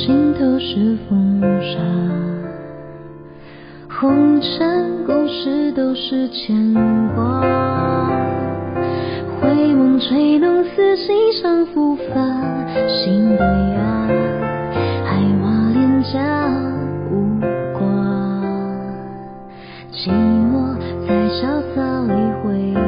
盡頭是風沙，紅塵故事都是牽掛。回眸吹弄似心上拂髮，心的芽，孩娃臉頰無罣，寂寞在瀟灑裡揮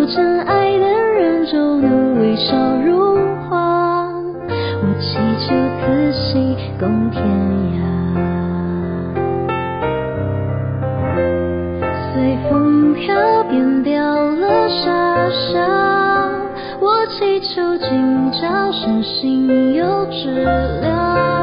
有真愛的人，就能微笑如花。我祈求此心共天涯。隨風飄，變調了傻笑。我祈求今朝，神性祐治療。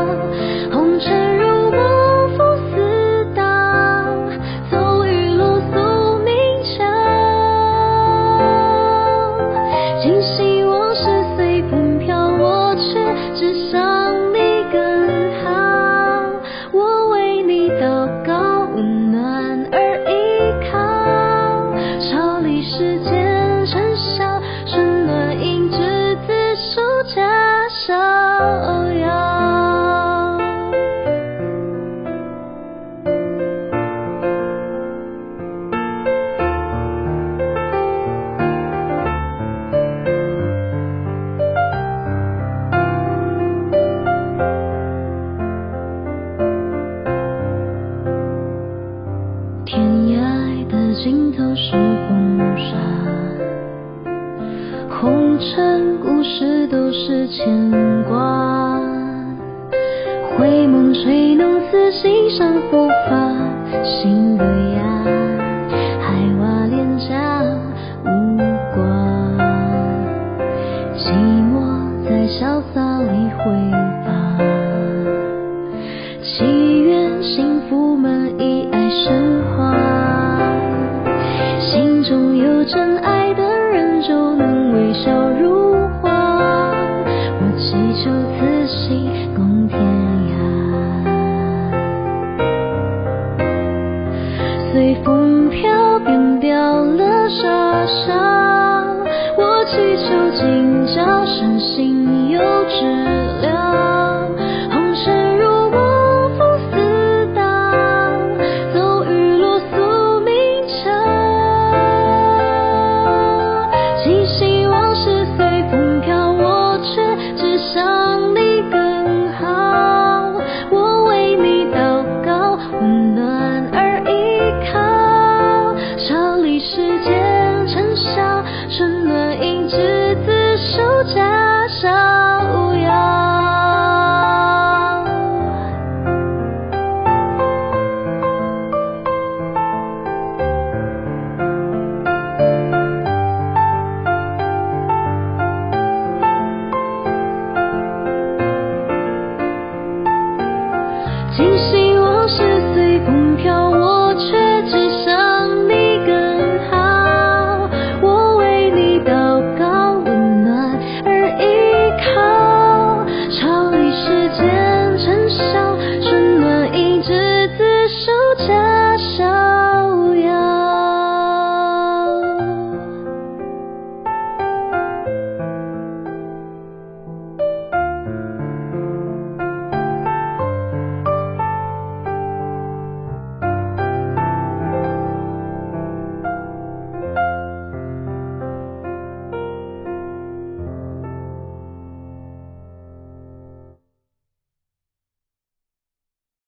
美夢吹弄似心上拂髮，心的芽。隨風飄，變調了，傻笑。我祈求今朝，神性祐治療。